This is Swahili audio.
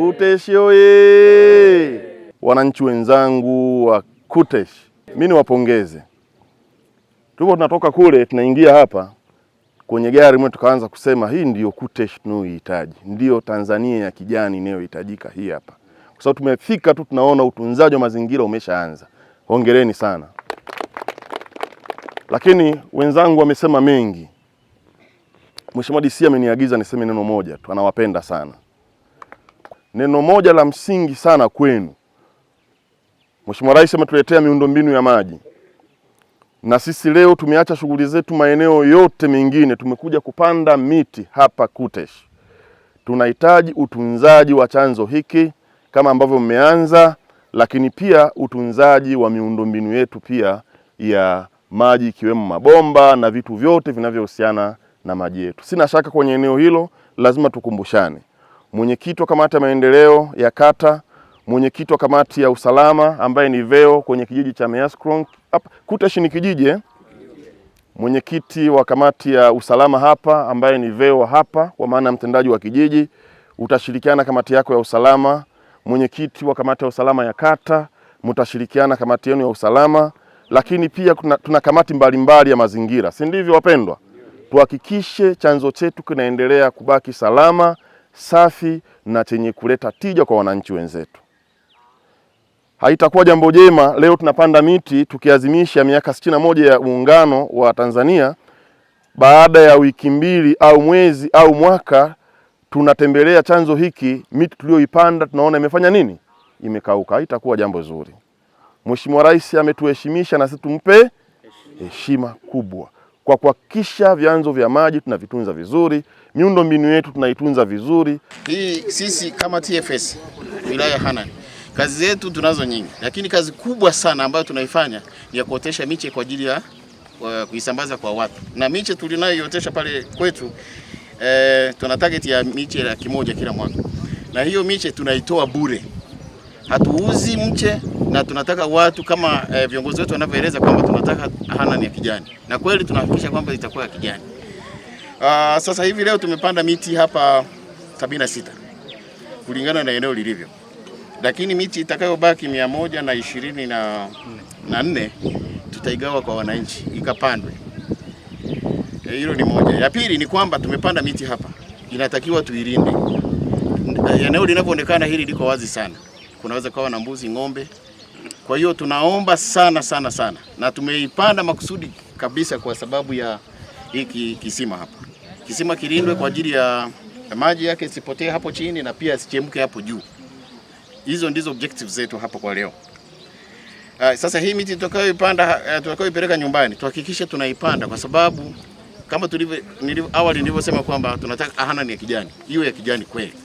Kutesh oye! Wananchi wenzangu wa Kutesh, mimi niwapongeze. Tuko tunatoka kule tunaingia hapa kwenye gari mwe, tukaanza kusema hii ndiyo Kuteshi tunayoihitaji, ndiyo Tanzania ya kijani inayohitajika hii hapa, kwa sababu tumefika tu tunaona utunzaji wa mazingira umeshaanza. Hongereni sana. Lakini wenzangu wamesema mengi. Mheshimiwa DC ameniagiza niseme neno moja tu, anawapenda sana neno moja la msingi sana kwenu. Mheshimiwa Rais ametuletea miundombinu ya maji, na sisi leo tumeacha shughuli zetu maeneo yote mengine, tumekuja kupanda miti hapa Kutesh. Tunahitaji utunzaji wa chanzo hiki kama ambavyo mmeanza, lakini pia utunzaji wa miundombinu yetu pia ya maji ikiwemo mabomba na vitu vyote vinavyohusiana na maji yetu. Sina shaka kwenye eneo hilo lazima tukumbushane mwenyekiti wa kamati ya maendeleo ya kata, mwenyekiti wa kamati ya usalama ambaye ni Veo kwenye kijiji cha Measkron kuta shini kijiji, eh? mwenyekiti wa kamati ya usalama hapa ambaye ni Veo hapa, kwa maana mtendaji wa kijiji utashirikiana kamati yako ya usalama, mwenyekiti wa kamati ya usalama ya kata mtashirikiana kamati yenu ya usalama, lakini pia tuna, tuna kamati mbalimbali mbali ya mazingira, si ndivyo wapendwa? Tuhakikishe chanzo chetu kinaendelea kubaki salama safi na chenye kuleta tija kwa wananchi wenzetu. Haitakuwa jambo jema leo tunapanda miti tukiazimisha miaka sitini na moja ya Muungano wa Tanzania, baada ya wiki mbili au mwezi au mwaka tunatembelea chanzo hiki, miti tuliyoipanda tunaona imefanya nini? Imekauka. Haitakuwa jambo zuri. Mheshimiwa Rais ametuheshimisha na sisi tumpe heshima kubwa kwa kuhakikisha vyanzo vya maji tunavitunza vizuri, miundo mbinu yetu tunaitunza vizuri. Hii sisi kama TFS wilaya Hanang' kazi zetu tunazo nyingi, lakini kazi kubwa sana ambayo tunaifanya ni ya kuotesha miche kwa ajili ya kuisambaza kwa watu, na miche tulinayoiotesha pale kwetu e, tuna target ya miche laki moja kila mwaka, na hiyo miche tunaitoa bure, hatuuzi mche na tunataka watu kama eh, viongozi wetu wanavyoeleza kwamba tunataka hanani ya kijani, na kweli tunahakikisha kwamba itakuwa ya kijani. Aa, ah, sasa hivi leo tumepanda miti hapa sita kulingana na eneo lilivyo, lakini miti itakayobaki mia moja na ishirini na, na nne tutaigawa kwa wananchi ikapandwe. Eh, hilo ni moja. Ya pili ni kwamba tumepanda miti hapa, inatakiwa tuilinde. Eneo linavyoonekana hili liko wazi sana, kunaweza kawa na mbuzi, ng'ombe kwa hiyo tunaomba sana sana sana, na tumeipanda makusudi kabisa kwa sababu ya hiki kisima hapa. Kisima kilindwe kwa ajili ya maji yake isipotee hapo chini na pia isichemke hapo juu. Hizo ndizo objectives zetu hapo kwa leo. Uh, sasa hii miti tutakayoipanda, uh, tutakayoipeleka nyumbani tuhakikishe tunaipanda kwa sababu kama tulivyo awali nilivyosema kwamba tunataka ahana ah, ni ya kijani, iwe ya kijani kweli.